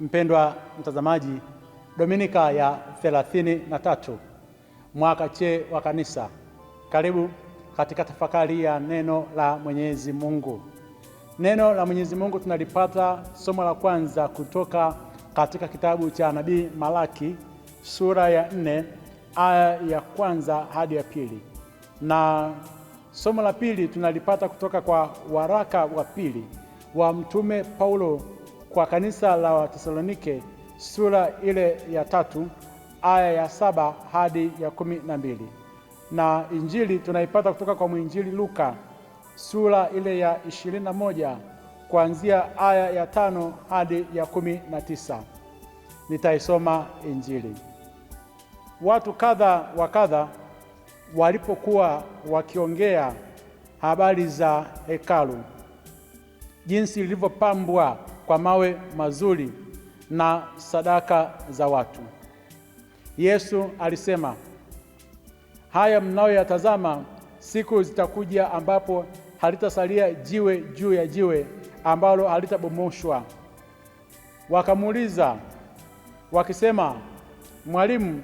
Mpendwa mtazamaji, Dominika ya thelathini na tatu mwaka che wa kanisa, karibu katika tafakari ya neno la Mwenyezi Mungu. Neno la Mwenyezi Mungu tunalipata somo la kwanza kutoka katika kitabu cha nabii Malaki sura ya nne aya ya kwanza hadi ya pili, na somo la pili tunalipata kutoka kwa waraka wa pili wa mtume Paulo kwa kanisa la Watesalonike sura ile ya tatu aya ya saba hadi ya kumi na mbili na injili tunaipata kutoka kwa mwinjili Luka sura ile ya ishirini na moja kuanzia aya ya tano hadi ya kumi na tisa. Nitaisoma injili. Watu kadha wa kadha walipokuwa wakiongea habari za hekalu, jinsi lilivyopambwa kwa mawe mazuri na sadaka za watu. Yesu alisema, haya mnayoyatazama, siku zitakuja ambapo halitasalia jiwe juu ya jiwe ambalo halitabomoshwa. Wakamuuliza wakisema, Mwalimu,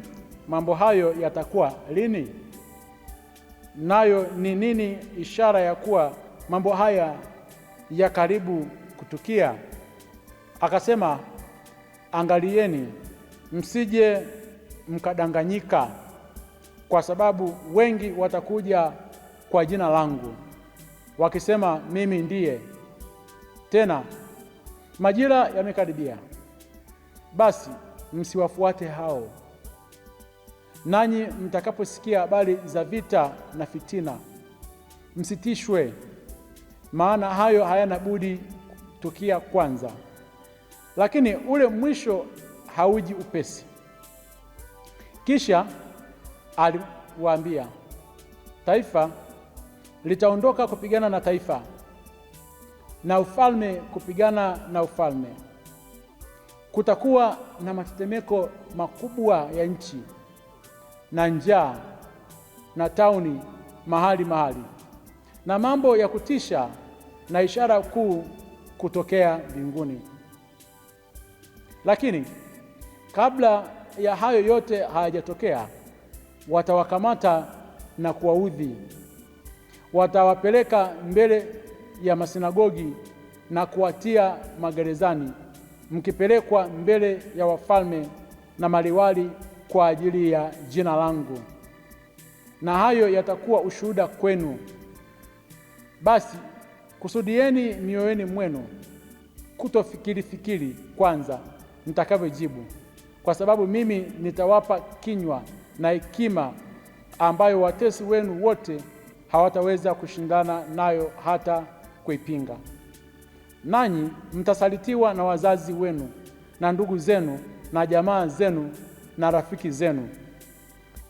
mambo hayo yatakuwa lini? Nayo ni nini ishara ya kuwa mambo haya ya karibu kutukia? Akasema, angalieni msije mkadanganyika, kwa sababu wengi watakuja kwa jina langu wakisema mimi ndiye. Tena majira yamekaribia, basi msiwafuate hao. Nanyi mtakaposikia habari za vita na fitina, msitishwe, maana hayo hayana budi tukia kwanza lakini ule mwisho hauji upesi. Kisha aliwaambia, taifa litaondoka kupigana na taifa na ufalme kupigana na ufalme. Kutakuwa na matetemeko makubwa ya nchi na njaa na tauni mahali mahali, na mambo ya kutisha na ishara kuu kutokea mbinguni. Lakini kabla ya hayo yote hayajatokea, watawakamata na kuwaudhi, watawapeleka mbele ya masinagogi na kuwatia magerezani, mkipelekwa mbele ya wafalme na maliwali kwa ajili ya jina langu, na hayo yatakuwa ushuhuda kwenu. Basi kusudieni mioyoni mwenu fikiri kwanza mtakavyojibu, kwa sababu mimi nitawapa kinywa na hekima ambayo watesi wenu wote hawataweza kushindana nayo hata kuipinga. Nanyi mtasalitiwa na wazazi wenu na ndugu zenu na jamaa zenu na rafiki zenu,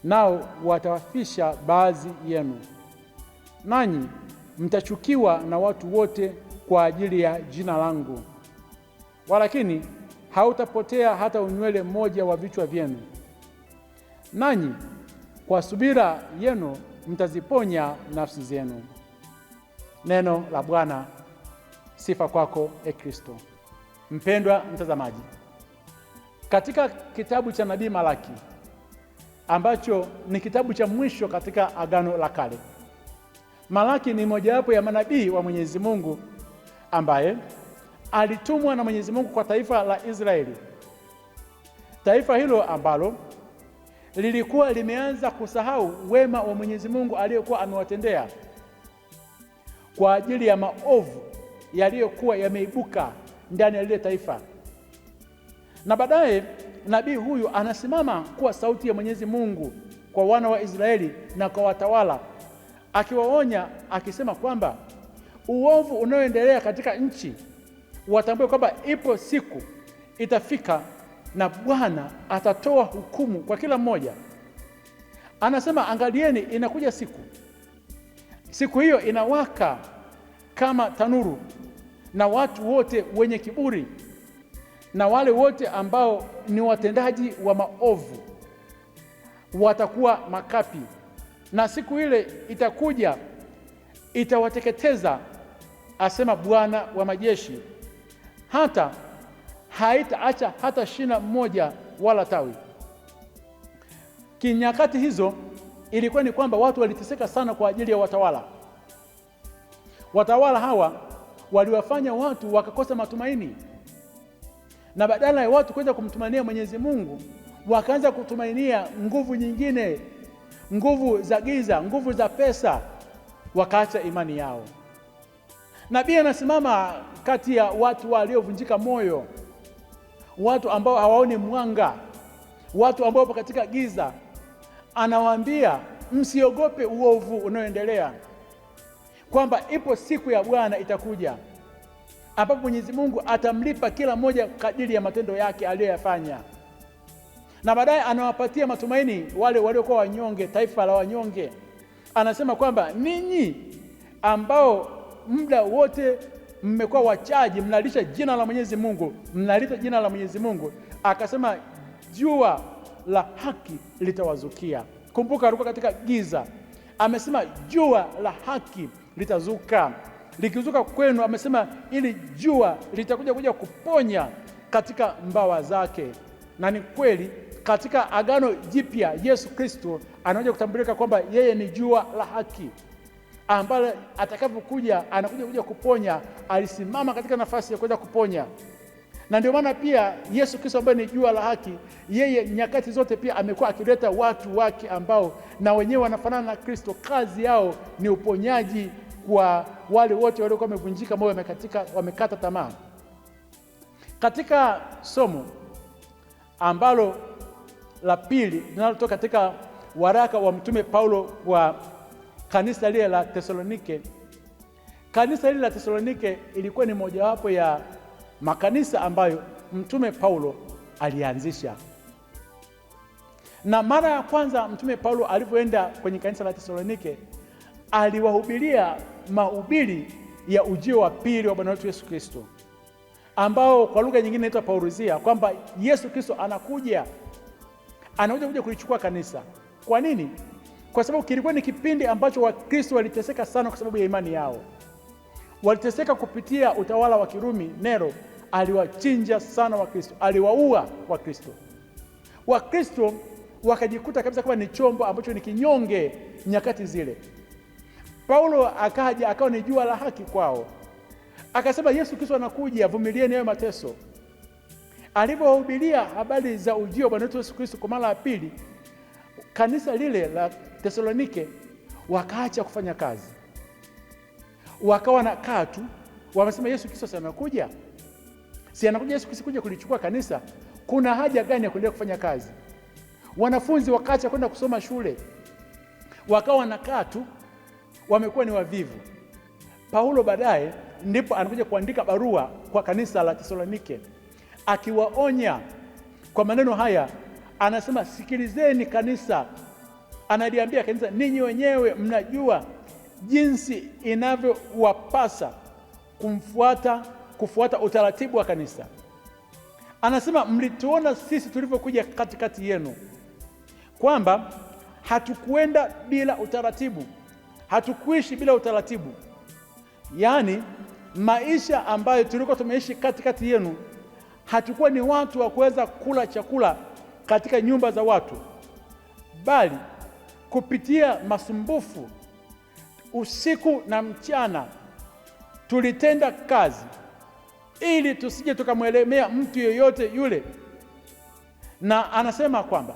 nao watawafisha baadhi yenu. Nanyi mtachukiwa na watu wote kwa ajili ya jina langu, walakini hautapotea hata unywele mmoja wa vichwa vyenu. Nanyi kwa subira yenu mtaziponya nafsi zenu. Neno la Bwana. Sifa kwako e Kristo. Mpendwa mtazamaji, katika kitabu cha nabii Malaki ambacho ni kitabu cha mwisho katika Agano la Kale, Malaki ni mojawapo ya manabii wa Mwenyezi Mungu ambaye alitumwa na Mwenyezi Mungu kwa taifa la Israeli, taifa hilo ambalo lilikuwa limeanza kusahau wema wa Mwenyezi Mungu aliyokuwa amewatendea kwa ajili ya maovu yaliyokuwa yameibuka ndani ya lile taifa. Na baadaye nabii huyu anasimama kuwa sauti ya Mwenyezi Mungu kwa wana wa Israeli na kwa watawala, akiwaonya akisema kwamba uovu unaoendelea katika nchi watambue kwamba ipo siku itafika na Bwana atatoa hukumu kwa kila mmoja. Anasema, angalieni, inakuja siku, siku hiyo inawaka kama tanuru, na watu wote wenye kiburi na wale wote ambao ni watendaji wa maovu watakuwa makapi, na siku ile itakuja itawateketeza, asema Bwana wa majeshi hata haitaacha hata shina moja wala tawi. Kinyakati hizo ilikuwa ni kwamba watu waliteseka sana kwa ajili ya watawala. Watawala hawa waliwafanya watu wakakosa matumaini, na badala ya watu kuweza kumtumainia Mwenyezi Mungu wakaanza kutumainia nguvu nyingine, nguvu za giza, nguvu za pesa, wakaacha imani yao. Nabii anasimama kati ya watu waliovunjika moyo, watu ambao hawaoni mwanga, watu ambao wapo katika giza. Anawaambia msiogope uovu unaoendelea, kwamba ipo siku ya Bwana itakuja ambapo Mwenyezi Mungu atamlipa kila mmoja kadiri ya matendo yake aliyoyafanya. Na baadaye anawapatia matumaini wale waliokuwa wanyonge, taifa la wanyonge. Anasema kwamba ninyi ambao muda wote mmekuwa wachaji, mnalisha jina la Mwenyezi Mungu, mnalita jina la Mwenyezi Mungu. Akasema jua la haki litawazukia. Kumbuka alikuwa katika giza, amesema jua la haki litazuka. Likizuka kwenu, amesema ili jua litakuja kuja kuponya katika mbawa zake. Na ni kweli katika Agano Jipya Yesu Kristo anakuja kutambulika kwamba yeye ni jua la haki ambaye ah, atakapokuja anakuja kuja kuponya, alisimama katika nafasi ya kuweza kuponya. Na ndio maana pia Yesu Kristo ambaye ni jua la haki, yeye nyakati zote pia amekuwa akileta watu wake ambao na wenyewe wanafanana na Kristo, kazi yao ni uponyaji kwa wale wote waliokuwa wamevunjika moyo, wamekatika, wamekata tamaa. Katika somo ambalo la pili linalotoka katika waraka wa mtume Paulo wa kanisa lile la Tesalonike. Kanisa lile la Tesalonike ilikuwa ni mojawapo ya makanisa ambayo mtume Paulo alianzisha, na mara ya kwanza mtume Paulo alivyoenda kwenye kanisa la Tesalonike aliwahubiria mahubiri ya ujio wa pili wa Bwana wetu Yesu Kristo, ambao kwa lugha nyingine inaitwa paulizia, kwamba Yesu Kristo anakuja, anakuja kuja kulichukua kanisa. Kwa nini? kwa sababu kilikuwa ni kipindi ambacho Wakristo waliteseka sana kwa sababu ya imani yao. Waliteseka kupitia utawala wa Kirumi. Nero aliwachinja sana Wakristo, aliwaua Wakristo. Wakristo wakajikuta kabisa kama ni chombo ambacho ni kinyonge nyakati zile. Paulo akaja akawa ni jua la haki kwao, akasema Yesu Kristo anakuja, vumilieni hayo mateso. Alipowahubiria habari za ujio wa Bwana wetu Yesu Kristo kwa mara ya pili, kanisa lile la Thesalonike wakaacha kufanya kazi, wakawa na kaa tu, wamesema Yesu Kristo anakuja, si anakuja Yesu Kristo kuja kulichukua kanisa, kuna haja gani ya kuendelea kufanya kazi? Wanafunzi wakaacha kwenda kusoma shule, wakawa na tu, wamekuwa ni wavivu. Paulo baadaye ndipo anakuja kuandika barua kwa kanisa la thesalonike akiwaonya kwa maneno haya, anasema sikilizeni kanisa analiambia kanisa, ninyi wenyewe mnajua jinsi inavyowapasa kumfuata kufuata utaratibu wa kanisa. Anasema mlituona sisi tulivyokuja katikati yenu, kwamba hatukuenda bila utaratibu, hatukuishi bila utaratibu. Yaani maisha ambayo tulikuwa tumeishi katikati yenu, hatukuwa ni watu wa kuweza kula chakula katika nyumba za watu, bali kupitia masumbufu usiku na mchana, tulitenda kazi ili tusije tukamwelemea mtu yeyote yule. Na anasema kwamba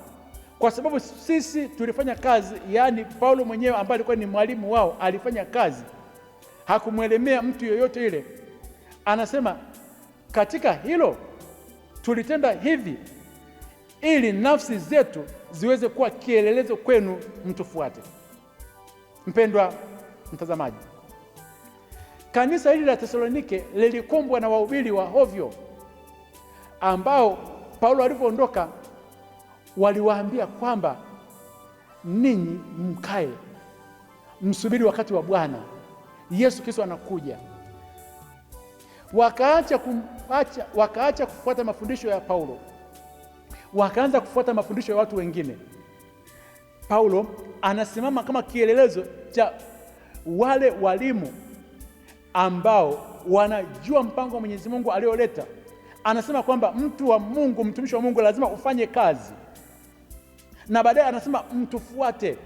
kwa sababu sisi tulifanya kazi, yaani Paulo mwenyewe ambaye alikuwa ni mwalimu wao alifanya kazi, hakumwelemea mtu yeyote yule. Anasema katika hilo tulitenda hivi ili nafsi zetu ziweze kuwa kielelezo kwenu mtufuate. Mpendwa mtazamaji, kanisa hili la Tesalonike lilikumbwa na wahubiri wa hovyo ambao Paulo alipoondoka waliwaambia kwamba ninyi mkae msubiri wakati wa Bwana Yesu Kristo anakuja. Wakaacha, wakaacha kufuata mafundisho ya Paulo wakaanza kufuata mafundisho ya watu wengine. Paulo anasimama kama kielelezo cha wale walimu ambao wanajua mpango wa Mwenyezi Mungu alioleta. Anasema kwamba mtu wa Mungu, mtumishi wa Mungu lazima ufanye kazi, na baadaye anasema mtufuate.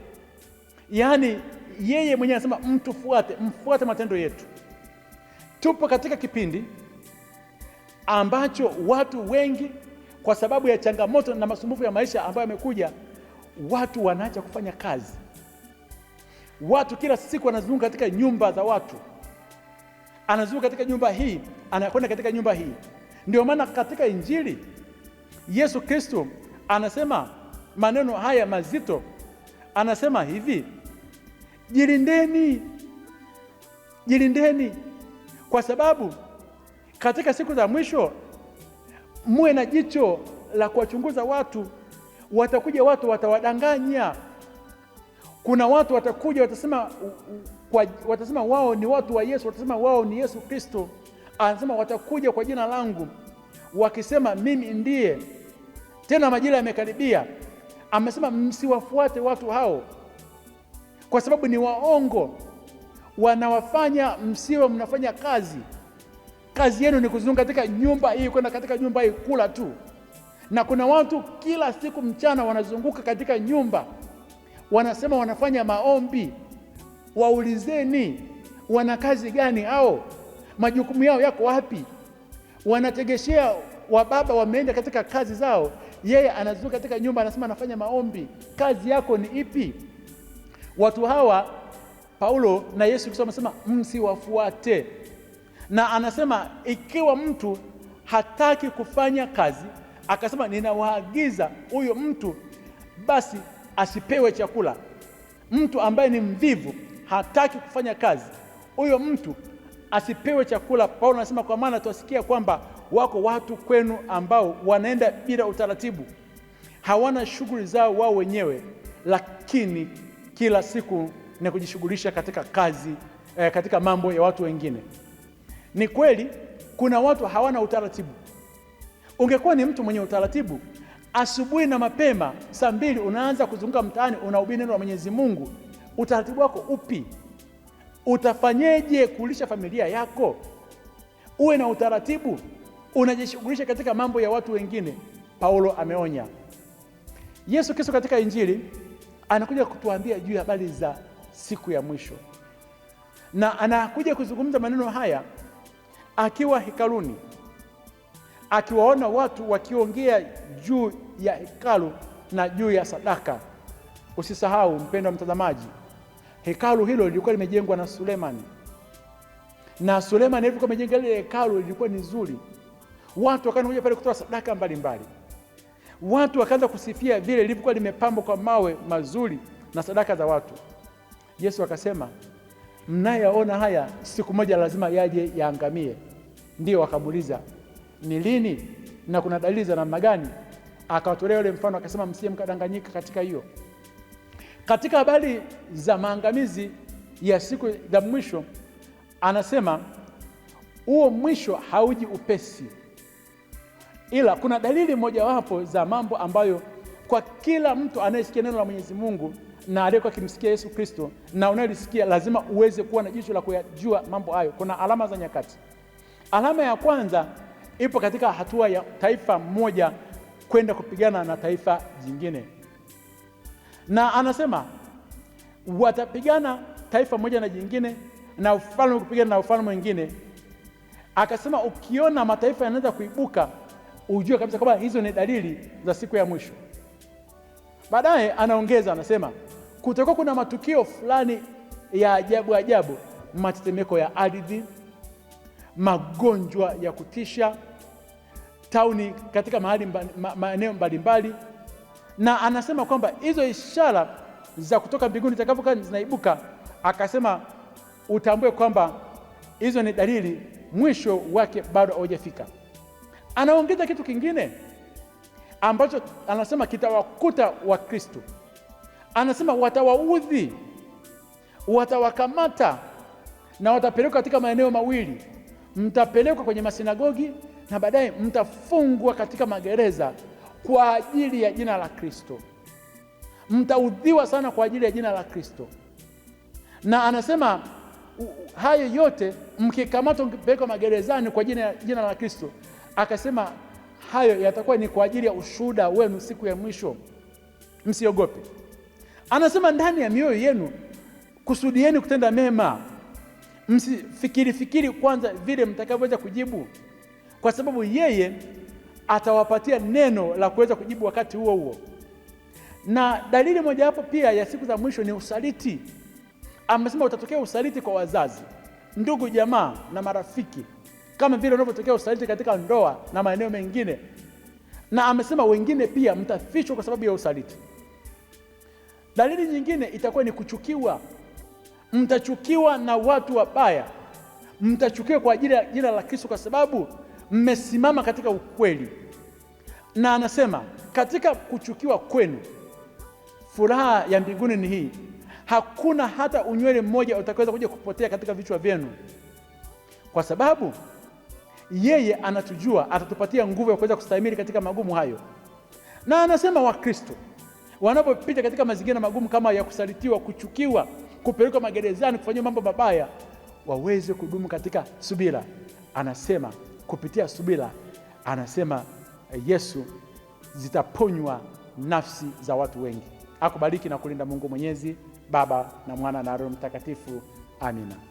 Yaani yeye mwenyewe anasema mtufuate, mfuate matendo yetu. Tupo katika kipindi ambacho watu wengi kwa sababu ya changamoto na masumbufu ya maisha ambayo yamekuja, watu wanaacha kufanya kazi. Watu kila siku wanazunguka katika nyumba za watu, anazunguka katika nyumba hii, anakwenda katika nyumba hii. Ndio maana katika Injili Yesu Kristo anasema maneno haya mazito, anasema hivi: jilindeni, jilindeni, kwa sababu katika siku za mwisho muwe na jicho la kuwachunguza watu. Watakuja watu watawadanganya. Kuna watu watakuja watasema, kwa, watasema wao ni watu wa Yesu, watasema wao ni Yesu Kristo. Anasema watakuja kwa jina langu wakisema mimi ndiye, tena majira yamekaribia. Amesema msiwafuate watu hao kwa sababu ni waongo, wanawafanya msiwe mnafanya kazi Kazi yenu ni kuzunguka katika nyumba hii kwenda katika nyumba hii kula tu, na kuna watu kila siku mchana wanazunguka katika nyumba, wanasema wanafanya maombi. Waulizeni wana kazi gani? hao? majukumu yao yako wapi? Wanategeshea wababa wameenda katika kazi zao, yeye anazunguka katika nyumba, anasema anafanya maombi. Kazi yako ni ipi? Watu hawa Paulo na Yesu Kristo wamesema msiwafuate na anasema ikiwa mtu hataki kufanya kazi akasema, ninawaagiza huyo mtu basi asipewe chakula. Mtu ambaye ni mvivu hataki kufanya kazi, huyo mtu asipewe chakula. Paulo anasema, kwa maana tuwasikia kwamba wako watu kwenu ambao wanaenda bila utaratibu, hawana shughuli zao wao wenyewe, lakini kila siku ni kujishughulisha katika kazi eh, katika mambo ya watu wengine. Ni kweli kuna watu hawana utaratibu. Ungekuwa ni mtu mwenye utaratibu, asubuhi na mapema saa mbili unaanza kuzunguka mtaani, unahubiri neno la Mwenyezi Mungu. Utaratibu wako upi? Utafanyeje kulisha familia yako? Uwe na utaratibu, unajishughulisha katika mambo ya watu wengine. Paulo ameonya. Yesu Kristo katika Injili anakuja kutuambia juu ya habari za siku ya mwisho, na anakuja kuzungumza maneno haya akiwa hekaluni akiwaona watu wakiongea juu ya hekalu na juu ya sadaka. Usisahau mpendwa mtazamaji, hekalu hilo lilikuwa limejengwa na Sulemani, na Sulemani alivyokuwa amejenga lile hekalu lilikuwa ni zuri. Watu wakaanza pale kutoa sadaka mbalimbali mbali. Watu wakaanza kusifia vile lilivyokuwa limepambwa kwa mawe mazuri na sadaka za watu. Yesu akasema mnayaona haya siku moja lazima yaje yaangamie. Ndio wakamuuliza ni lini na kuna dalili za namna gani? Akawatolea yule mfano akasema, msije mkadanganyika katika hiyo. Katika habari za maangamizi ya siku za mwisho, anasema huo mwisho hauji upesi, ila kuna dalili mojawapo za mambo ambayo kwa kila mtu anayesikia neno la Mwenyezi Mungu na aliyekuwa akimsikia Yesu Kristo na unayolisikia lazima uweze kuwa na jicho la kuyajua mambo hayo. Kuna alama za nyakati. Alama ya kwanza ipo katika hatua ya taifa moja kwenda kupigana na taifa jingine, na anasema watapigana taifa moja na jingine na ufalme kupigana na ufalme mwingine. Akasema ukiona mataifa yanaweza kuibuka, ujue kabisa kwamba hizo ni dalili za siku ya mwisho. Baadaye anaongeza anasema, kutakuwa kuna matukio fulani ya ajabu ajabu, matetemeko ya ardhi, magonjwa ya kutisha tauni katika maeneo mbalimbali, na anasema kwamba hizo ishara za kutoka mbinguni zitakapokuwa zinaibuka, akasema utambue kwamba hizo ni dalili, mwisho wake bado haujafika. Anaongeza kitu kingine ambacho anasema kitawakuta wa kristo Anasema watawaudhi, watawakamata na watapelekwa katika maeneo mawili, mtapelekwa kwenye masinagogi na baadaye mtafungwa katika magereza kwa ajili ya jina la Kristo. Mtaudhiwa sana kwa ajili ya jina la Kristo, na anasema hayo yote mkikamatwa, mkipelekwa magerezani kwa jina, jina la Kristo, akasema hayo yatakuwa ni kwa ajili ya ushuhuda wenu siku ya mwisho, msiogope. Anasema ndani ya mioyo yenu kusudieni kutenda mema, msifikiri fikiri kwanza vile mtakavyoweza kujibu, kwa sababu yeye atawapatia neno la kuweza kujibu wakati huo huo. Na dalili mojawapo pia ya siku za mwisho ni usaliti. Amesema utatokea usaliti kwa wazazi, ndugu, jamaa na marafiki kama vile unavyotokea usaliti katika ndoa na maeneo mengine. Na amesema wengine pia mtafichwa kwa sababu ya usaliti. Dalili nyingine itakuwa ni kuchukiwa. Mtachukiwa na watu wabaya, mtachukiwa kwa ajili ya jina la Kristo, kwa sababu mmesimama katika ukweli. Na anasema katika kuchukiwa kwenu furaha ya mbinguni ni hii, hakuna hata unywele mmoja utakaweza kuja kupotea katika vichwa vyenu, kwa sababu yeye anatujua, atatupatia nguvu ya kuweza kustahimili katika magumu hayo. Na anasema Wakristo wanapopita katika mazingira magumu kama ya kusalitiwa, kuchukiwa, kupelekwa magerezani, kufanyiwa mambo mabaya, waweze kudumu katika subira. Anasema kupitia subira, anasema eh, Yesu, zitaponywa nafsi za watu wengi. Akubariki na kulinda Mungu Mwenyezi, Baba na Mwana na Roho Mtakatifu. Amina.